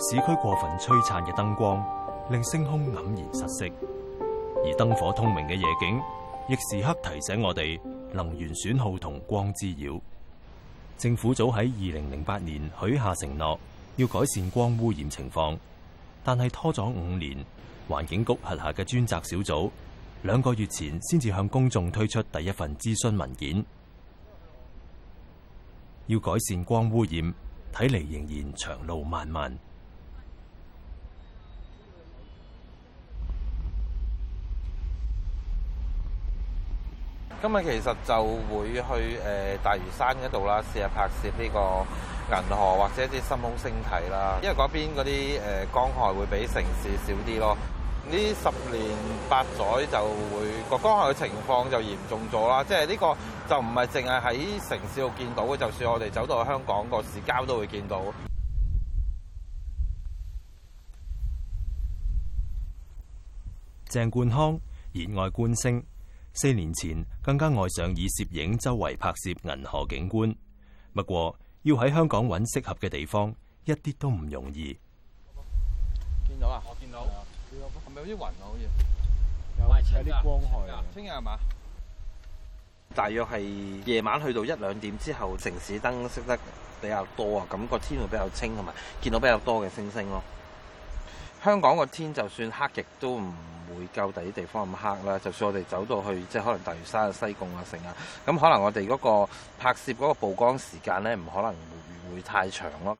市區過分璀璨嘅燈光，令星空黯然失色；而燈火通明嘅夜景，亦時刻提醒我哋能源損耗同光滋擾。政府早喺二零零八年許下承諾，要改善光污染情況，但係拖咗五年，環境局轄下嘅專責小組兩個月前先至向公眾推出第一份諮詢文件。要改善光污染，睇嚟仍然長路漫漫。今日其實就會去誒大嶼山嗰度啦，試下拍攝呢個銀河或者啲深空星體啦，因為嗰邊嗰啲誒光害會比城市少啲咯。呢十年八載就會個光害嘅情況就嚴重咗啦，即係呢個就唔係淨係喺城市度見到嘅，就算我哋走到香港個市郊都會見到。鄭冠康熱愛觀星。四年前更加愛上以攝影周圍拍攝銀河景觀，不過要喺香港揾適合嘅地方，一啲都唔容易。見到啊，我見到，係咪有啲雲啊？好似有啲光害。聽日係嘛？大約係夜晚去到一兩點之後，城市燈熄得比較多啊，咁個天會比較清，同埋見到比較多嘅星星咯。香港個天就算黑極都唔會夠第啲地方咁黑啦。就算我哋走到去，即可能大嶼山啊、西貢啊、城啊，咁可能我哋嗰個拍攝嗰個曝光時間咧，唔可能會太長咯。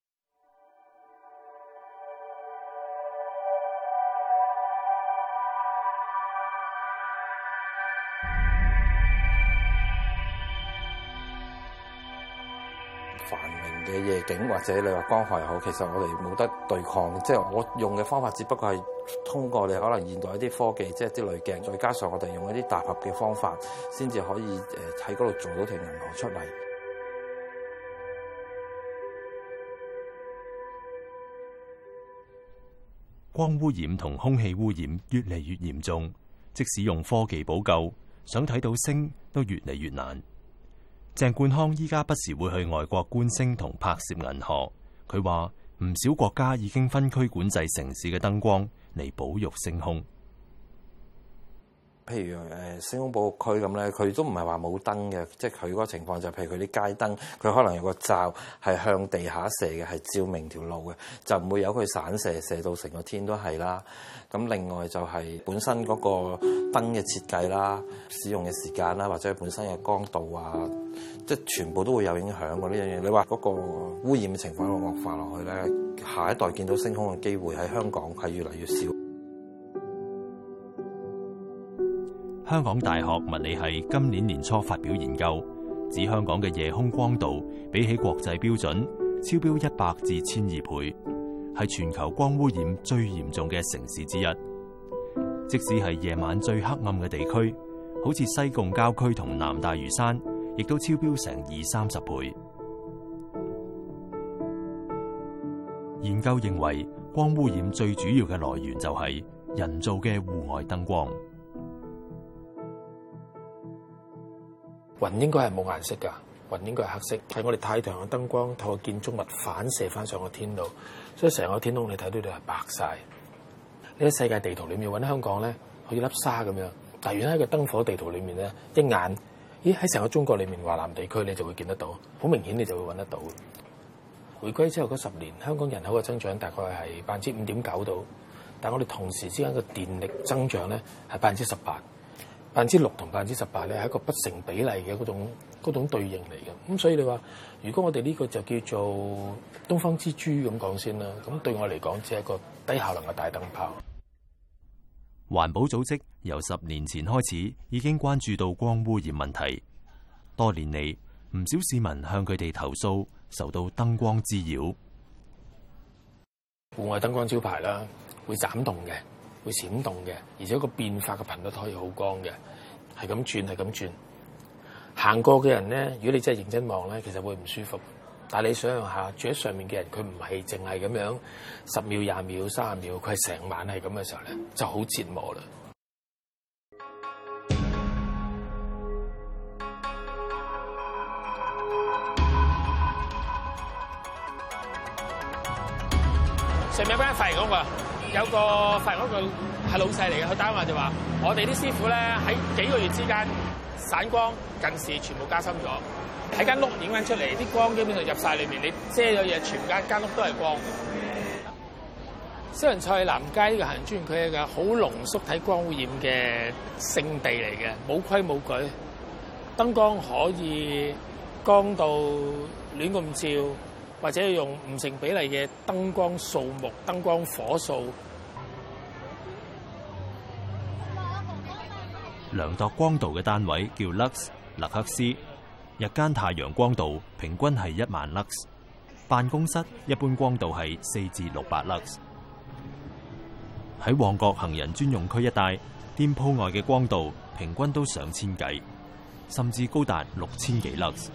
嘅夜景或者你話光害又好，其實我哋冇得對抗，即係我用嘅方法，只不過係通過你可能現代一啲科技，即係啲濾鏡，再加上我哋用一啲疊合嘅方法，先至可以誒喺嗰度做到條銀河出嚟。光污染同空氣污染越嚟越嚴重，即使用科技補救，想睇到星都越嚟越難。鄭冠康依家不時會去外國觀星同拍攝銀河。佢話唔少國家已經分區管制城市嘅燈光，嚟保育星空。譬如誒星空保護區咁咧，佢都唔係話冇燈嘅，即係佢個情況就係，譬如佢啲街燈，佢可能有個罩係向地下射嘅，係照明條路嘅，就唔會有佢散射射到成個天都係啦。咁另外就係本身嗰個燈嘅設計啦、使用嘅時間啦，或者係本身嘅光度啊，即係全部都會有影響嘅呢樣嘢。你話嗰個污染嘅情況惡化落去咧，下一代見到星空嘅機會喺香港係越嚟越少。香港大學物理系今年年初發表研究，指香港嘅夜空光度比起國際標準超標一百至千二倍，係全球光污染最嚴重嘅城市之一。即使係夜晚最黑暗嘅地區，好似西貢郊區同南大嶼山，亦都超標成二三十倍。研究認為，光污染最主要嘅來源就係人造嘅戶外燈光。雲應該係冇顏色㗎，雲應該係黑色，係我哋太陽嘅燈光透過建築物反射翻上個天度，所以成個天空你睇到度係白晒。呢啲世界地圖裏面揾香港咧，好似粒沙咁樣，但如果喺個燈火地圖裏面咧一眼，咦，喺成個中國裏面華南地區你就會見得到，好明顯你就會揾得到。回歸之後嗰十年，香港人口嘅增長大概係百分之五點九度，但我哋同時之間嘅電力增長咧係百分之十八。百分之六同百分之十八咧，係一個不成比例嘅，嗰種嗰種對應嚟嘅。咁所以你話，如果我哋呢個就叫做東方之珠咁講先啦，咁對我嚟講只係一個低效能嘅大燈泡。環保組織由十年前開始已經關注到光污染問題，多年嚟唔少市民向佢哋投訴受到燈光滋擾。戶外燈光招牌啦，會閃動嘅。會閃動嘅，而且個變化嘅頻率可以好光嘅，係咁轉係咁轉。行過嘅人咧，如果你真係認真望咧，其實會唔舒服。但係你想象下，住喺上面嘅人，佢唔係淨係咁樣十秒廿秒三十秒，佢係成晚係咁嘅時候咧，就好折磨啦。使咩鬼曬我啊！有個發人屋個係老細嚟嘅，佢打電話就話：我哋啲師傅咧喺幾個月之間散光近視全部加深咗，喺間屋影翻出嚟啲光基本上入晒裏面，你遮咗嘢，全間間屋都係光。西洋菜南街呢個行人專用區係好濃縮喺光污染嘅聖地嚟嘅，冇規冇矩，燈光可以光到亂咁照。或者用唔成比例嘅燈光數目、燈光火數。量度光度嘅單位叫 lux（ 勒克斯）。日間太陽光度平均係一萬 lux，辦公室一般光度係四至六百 lux。喺旺角行人專用區一帶，店鋪外嘅光度平均都上千計，甚至高達六千幾 lux。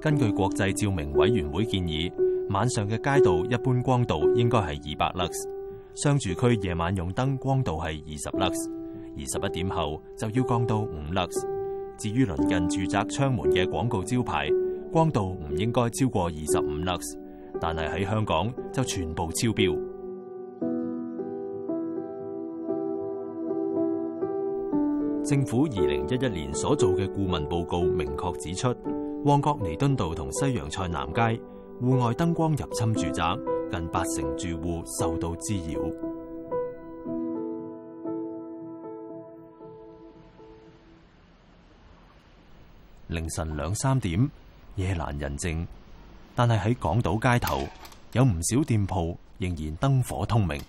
根據國際照明委員會建議，晚上嘅街道一般光度應該係二百 lux，商住區夜晚用燈光度係二十 lux，而十一點後就要降到五 lux。至於鄰近住宅窗門嘅廣告招牌，光度唔應該超過二十五 lux，但係喺香港就全部超標。政府二零一一年所做嘅顧問報告明確指出。旺角彌敦道同西洋菜南街戶外燈光入侵住宅，近八成住戶受到滋擾。凌晨兩三點，夜闌人靜，但係喺港島街頭，有唔少店鋪仍然燈火通明。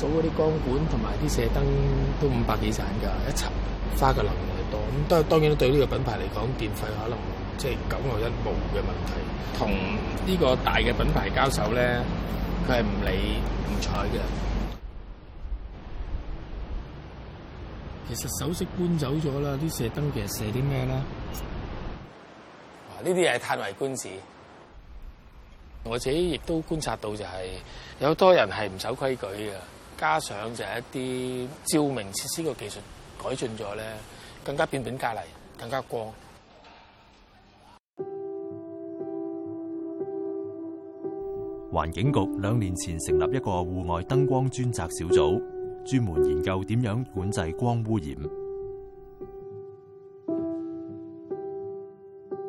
做嗰啲光管同埋啲射燈都五百幾盞㗎，一層花嘅能量多咁都當然對呢個品牌嚟講，電費可能即係九牛一毛嘅問題。同呢個大嘅品牌交手咧，佢係唔理唔睬嘅。其實首飾搬走咗啦，啲射燈其實射啲咩咧？啊，呢啲係嘆為觀止。我自己亦都觀察到就係、是、有多人係唔守規矩嘅。加上就係一啲照明設施嘅技術改進咗咧，更加變本加厲，更加光。環境局兩年前成立一個戶外燈光專責小組，專門研究點樣管制光污染。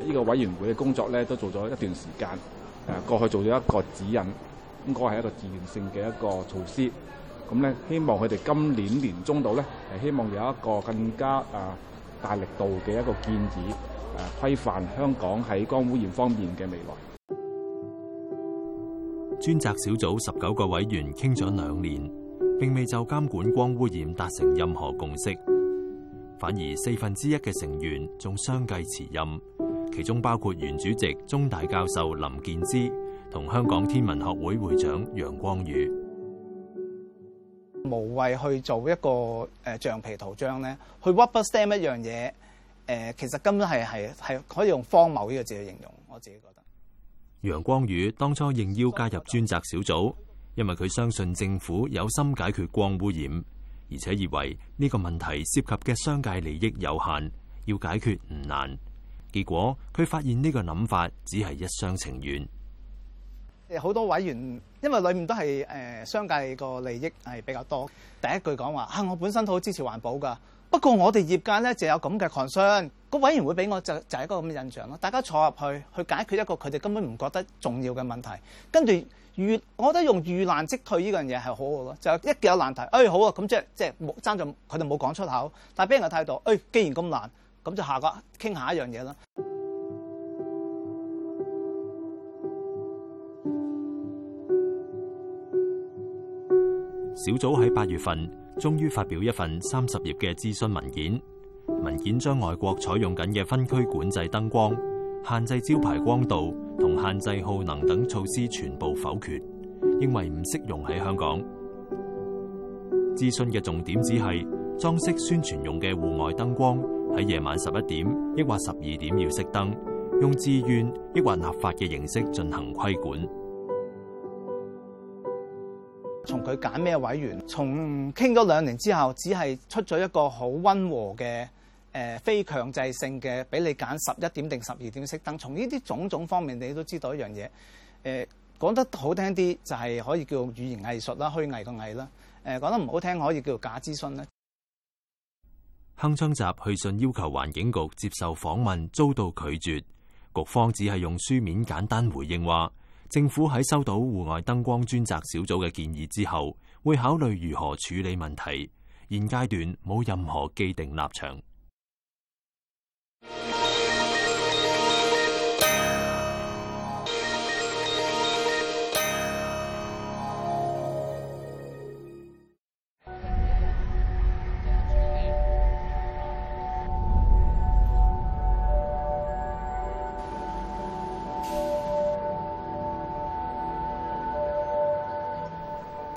呢個委員會嘅工作咧，都做咗一段時間，誒過去做咗一個指引，應該係一個自願性嘅一個措施。咁咧，希望佢哋今年年中度咧，係希望有一個更加大力度嘅一個建議，誒規範香港喺光污染方面嘅未來。專責小組十九個委員傾咗兩年，並未就監管光污染達成任何共識，反而四分之一嘅成員仲相繼辭任，其中包括原主席中大教授林健之同香港天文學會會長楊光宇。無謂去做一個誒橡皮圖章咧，去 rubber stamp 一樣嘢，誒其實根本係係係可以用荒謬呢個字嚟形容，我自己覺得。楊光宇當初應邀加入專責小組，因為佢相信政府有心解決光污染，而且以為呢個問題涉及嘅商界利益有限，要解決唔難。結果佢發現呢個諗法只係一廂情願。好多委員，因為裏面都係誒、呃、商界個利益係比較多。第一句講話啊，我本身都好支持環保㗎。不過我哋業界咧，就有咁嘅 concern。個委員會俾我就就係、是、一個咁嘅印象咯。大家坐入去，去解決一個佢哋根本唔覺得重要嘅問題。跟住遇，我覺得用遇難即退呢樣嘢係好嘅。就一一有幾個難題，誒、哎、好啊，咁即係即係冇爭咗佢哋冇講出口。但係俾人嘅態度，誒、哎、既然咁難，咁就下個傾下一樣嘢啦。小組喺八月份終於發表一份三十頁嘅諮詢文件，文件將外國採用緊嘅分區管制燈光、限制招牌光度同限制耗能等措施全部否決，認為唔適用喺香港。諮詢嘅重點只係裝飾宣傳用嘅戶外燈光喺夜晚十一點抑或十二點要熄燈，用自願抑或立法嘅形式進行規管。從佢揀咩委員，從傾咗兩年之後，只係出咗一個好溫和嘅，誒、呃，非強制性嘅，俾你揀十一點定十二點熄燈。從呢啲種種方面，你都知道一樣嘢。誒、呃，講得好聽啲就係、是、可以叫語言藝術啦，虛偽個偽啦。誒、呃，講得唔好聽，可以叫假諮詢啦。鏗鏘集去信要求環境局接受訪問，遭到拒絕。局方只係用書面簡單回應話。政府喺收到戶外燈光專責小組嘅建議之後，會考慮如何處理問題，現階段冇任何既定立場。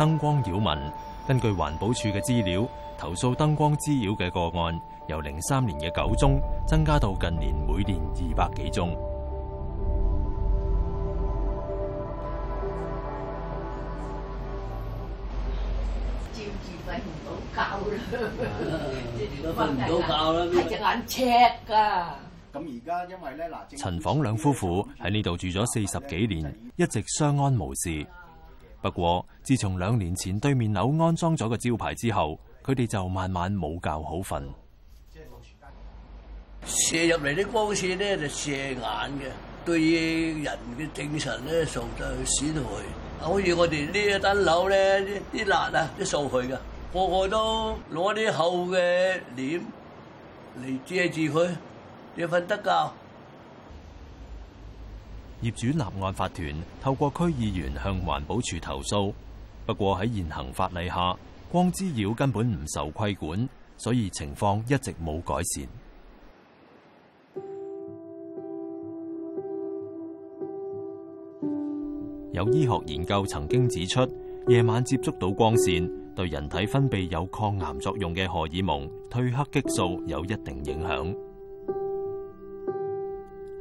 燈光擾民，根據環保署嘅資料，投訴燈光滋擾嘅個案由零三年嘅九宗，增加到近年每年二百幾宗。照住瞓唔到覺啦，瞓唔到覺啦，隻眼赤噶。咁而家因為咧嗱，陳房兩夫婦喺呢度住咗四十幾年，一直相安無事。不過，自從兩年前對面樓安裝咗個招牌之後，佢哋就慢慢冇覺好瞓。射入嚟啲光綫咧就射眼嘅，對人嘅精神咧受到損害。好似我哋呢一單樓咧，啲辣啊，啲受去噶，個個都攞啲厚嘅簾嚟遮住佢，你瞓得覺。業主立案法團透過區議員向環保署投訴，不過喺現行法例下，光滋擾根本唔受規管，所以情況一直冇改善。有醫學研究曾經指出，夜晚接觸到光綫對人體分泌有抗癌作用嘅荷爾蒙褪黑激素有一定影響。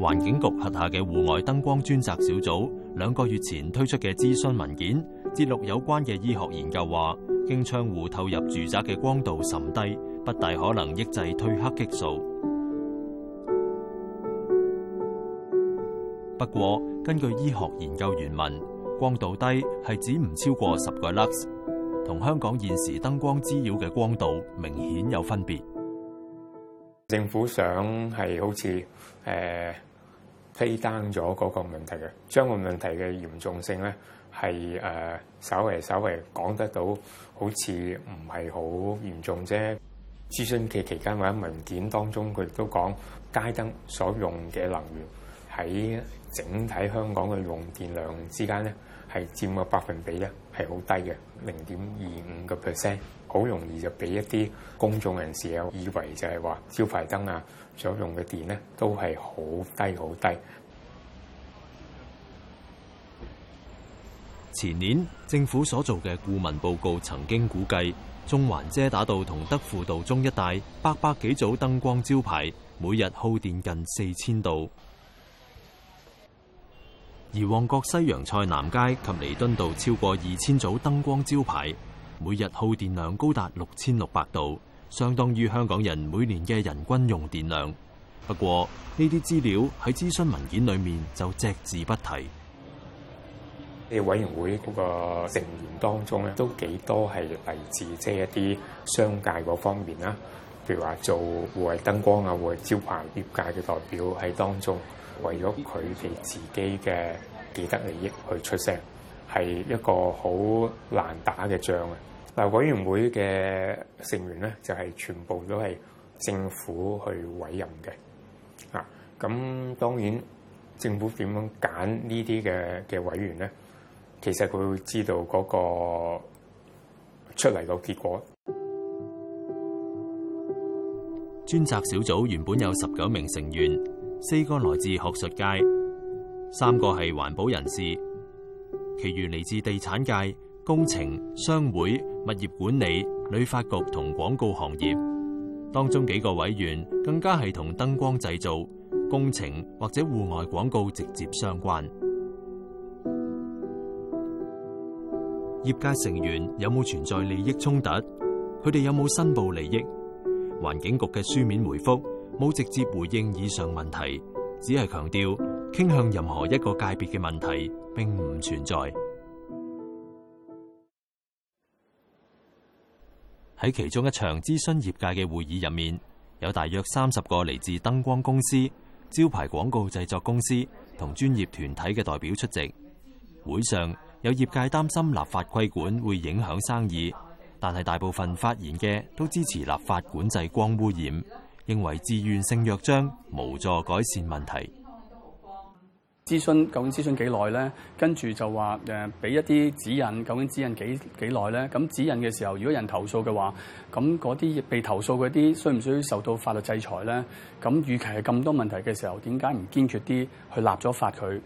環境局轄下嘅戶外燈光專責小組兩個月前推出嘅諮詢文件，節錄有關嘅醫學研究話，經窗戶透入住宅嘅光度甚低，不大可能抑制褪黑激素。不過，根據醫學研究原文，光度低係指唔超過十個 lux，同香港現時燈光滋擾嘅光度明顯有分別。政府想係好似誒。呃 Play down 咗嗰個問題嘅，將個問題嘅嚴重性咧係誒，稍微稍微講得到，好似唔係好嚴重啫。諮詢期期間或者文件當中，佢亦都講街燈所用嘅能源喺。整體香港嘅用電量之間咧，係佔個百分比咧係好低嘅，零點二五個 percent，好容易就俾一啲公眾人士啊以為就係話招牌燈啊所用嘅電呢都係好低好低。前年政府所做嘅顧問報告曾經估計，中環遮打道同德輔道中一帶八百幾組燈光招牌，每日耗電近四千度。而旺角西洋菜南街及彌敦道超過二千組燈光招牌，每日耗電量高達六千六百度，相當於香港人每年嘅人均用電量。不過呢啲資料喺諮詢文件裏面就只字不提。呢個委員會嗰個成員當中咧，都幾多係嚟自即係一啲商界嗰方面啦，譬如話做戶外燈光啊、戶外招牌業界嘅代表喺當中。為咗佢哋自己嘅既得利益去出聲，係一個好難打嘅仗啊！嗱，委員會嘅成員咧，就係全部都係政府去委任嘅啊！咁當然，政府點樣揀呢啲嘅嘅委員咧？其實佢會知道嗰個出嚟個結果。專責小組原本有十九名成員。四個來自學術界，三個係環保人士，其餘嚟自地產界、工程、商會、物業管理、旅發局同廣告行業。當中幾個委員更加係同燈光製造、工程或者戶外廣告直接相關。業界成員有冇存在利益衝突？佢哋有冇申報利益？環境局嘅書面回覆。冇直接回應以上問題，只係強調傾向任何一個界別嘅問題，並唔存在。喺其中一場諮詢業界嘅會議入面，有大約三十個嚟自燈光公司、招牌廣告製作公司同專業團體嘅代表出席。會上有業界擔心立法規管會影響生意，但係大部分發言嘅都支持立法管制光污染。認為自願性約章無助改善問題。諮詢究竟諮詢幾耐咧？跟住就話誒，俾一啲指引，究竟指引幾幾耐咧？咁指引嘅時候，如果有人投訴嘅話，咁嗰啲被投訴嗰啲，需唔需要受到法律制裁咧？咁，與其係咁多問題嘅時候，點解唔堅決啲去立咗法佢？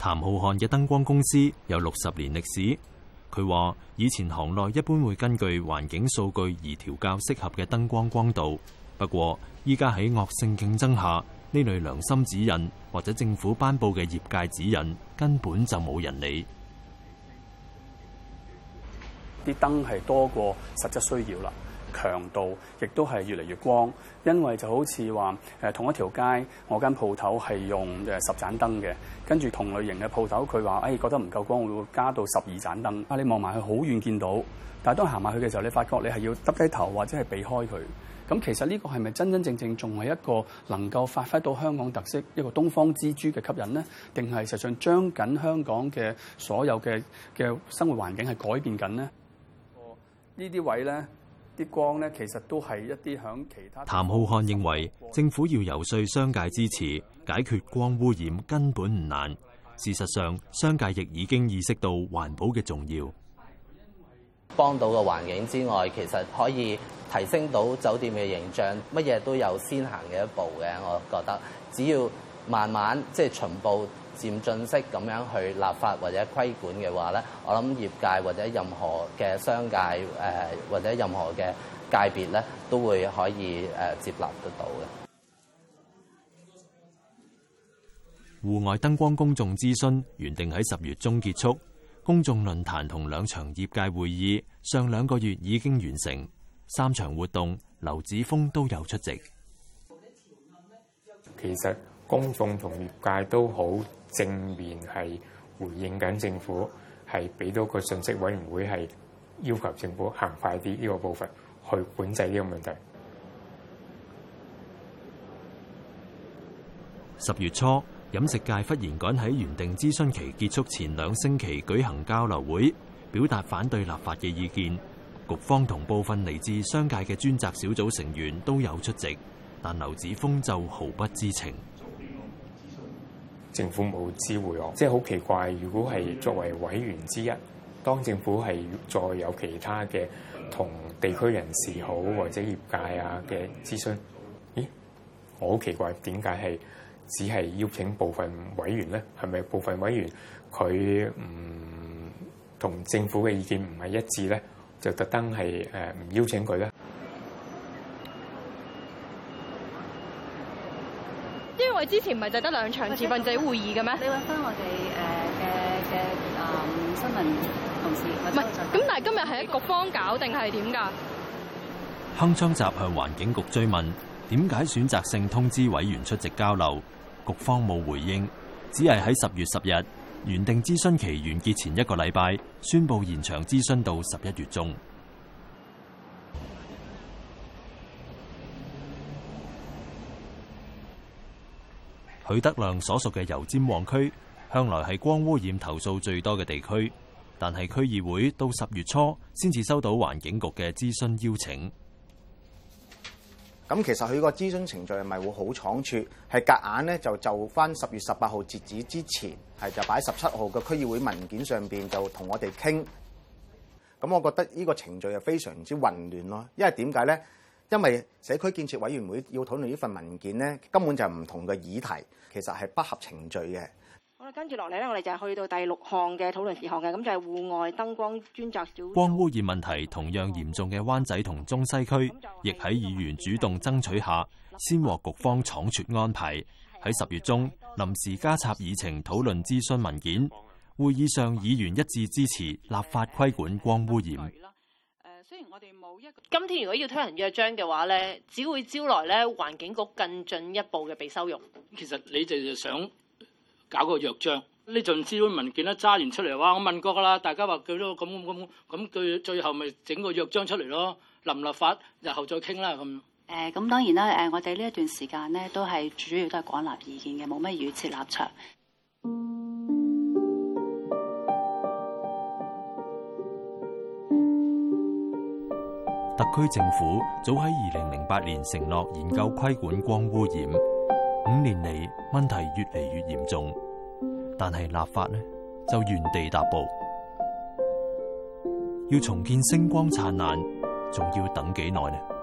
譚浩漢嘅燈光公司有六十年歷史。佢話以前行內一般會根據環境數據而調校適合嘅燈光光度，不過依家喺惡性競爭下，呢類良心指引或者政府頒布嘅業界指引根本就冇人理，啲燈係多過實質需要啦。強度亦都係越嚟越光，因為就好似話、呃、同一條街，我間鋪頭係用、呃、十盞燈嘅，跟住同類型嘅鋪頭佢話誒覺得唔夠光，我會加到十二盞燈啊！你望埋去好遠見到，但係當行埋去嘅時候，你發覺你係要耷低頭或者係避開佢。咁其實呢個係咪真真正正仲係一個能夠發揮到香港特色一個東方之珠嘅吸引呢？定係實際上將緊香港嘅所有嘅嘅生活環境係改變緊呢？呢啲位呢。哦啲光咧，其實都係一啲響其他。譚浩漢認為政府要遊說商界支持解決光污染根本唔難，事實上，商界亦已經意識到環保嘅重要，幫到個環境之外，其實可以提升到酒店嘅形象，乜嘢都有先行嘅一步嘅。我覺得只要慢慢，即係循步。漸進式咁樣去立法或者規管嘅話咧，我諗業界或者任何嘅商界誒，或者任何嘅界別咧，都會可以誒接納得到嘅。戶外燈光公眾諮詢原定喺十月中結束，公眾論壇同兩場業界會議上兩個月已經完成三場活動，劉子峯都有出席。其實公眾同業界都好。正面係回應緊政府，係俾到個信息，委員會係要求政府行快啲呢個部分去管制呢個問題。十月初，飲食界忽然趕喺原定諮詢期結束前兩星期舉行交流會，表達反對立法嘅意見。局方同部分嚟自商界嘅專責小組成員都有出席，但劉子峰就毫不知情。政府冇知會我，即係好奇怪。如果係作為委員之一，當政府係再有其他嘅同地區人士好或者業界啊嘅諮詢，咦，我好奇怪點解係只係邀請部分委員咧？係咪部分委員佢唔同政府嘅意見唔係一致咧，就特登係誒唔邀請佢咧？因為之前唔係就得兩場自憲者會議嘅咩？你揾翻我哋誒嘅嘅新聞同事或者咁，但係今日係喺局方搞定係點㗎？鏗鏘集向環境局追問點解選擇性通知委員出席交流，局方冇回應，只係喺十月十日原定諮詢期完結前一個禮拜宣布延長諮詢到十一月中。許德亮所屬嘅油尖旺區向來係光污染投訴最多嘅地區，但係區議會到十月初先至收到環境局嘅諮詢邀請。咁其實佢個諮詢程序係咪會好倉促？係隔硬咧，就就翻十月十八號截止之前，係就擺十七號嘅區議會文件上邊就同我哋傾。咁我覺得呢個程序係非常之混亂咯，因為點解咧？因為社區建設委員會要討論呢份文件咧，根本就係唔同嘅議題，其實係不合程序嘅。好啦，跟住落嚟咧，我哋就係去到第六項嘅討論事項嘅，咁就係戶外燈光專責小。光污染問題同樣嚴重嘅灣仔同中西區，亦喺議員主動爭取下，先獲局方倉促安排喺十月中臨時加插議程討論諮詢文件。會議上，議員一致支持立法規管光污染。雖然我哋冇一，今天如果要推行約章嘅話咧，只會招來咧環境局更進一步嘅被收容。其實你哋就想搞個約章，呢陣資料文件都揸完出嚟，話，我問過噶啦，大家話佢多咁咁咁，咁最最後咪整個約章出嚟咯。立立，立法日後再傾啦咁。誒，咁、欸、當然啦，誒，我哋呢一段時間咧都係主要都係廣納意見嘅，冇咩預設立場。特區政府早喺二零零八年承諾研究規管光污染，五年嚟問題越嚟越嚴重，但係立法呢，就原地踏步。要重建星光燦爛，仲要等幾耐呢？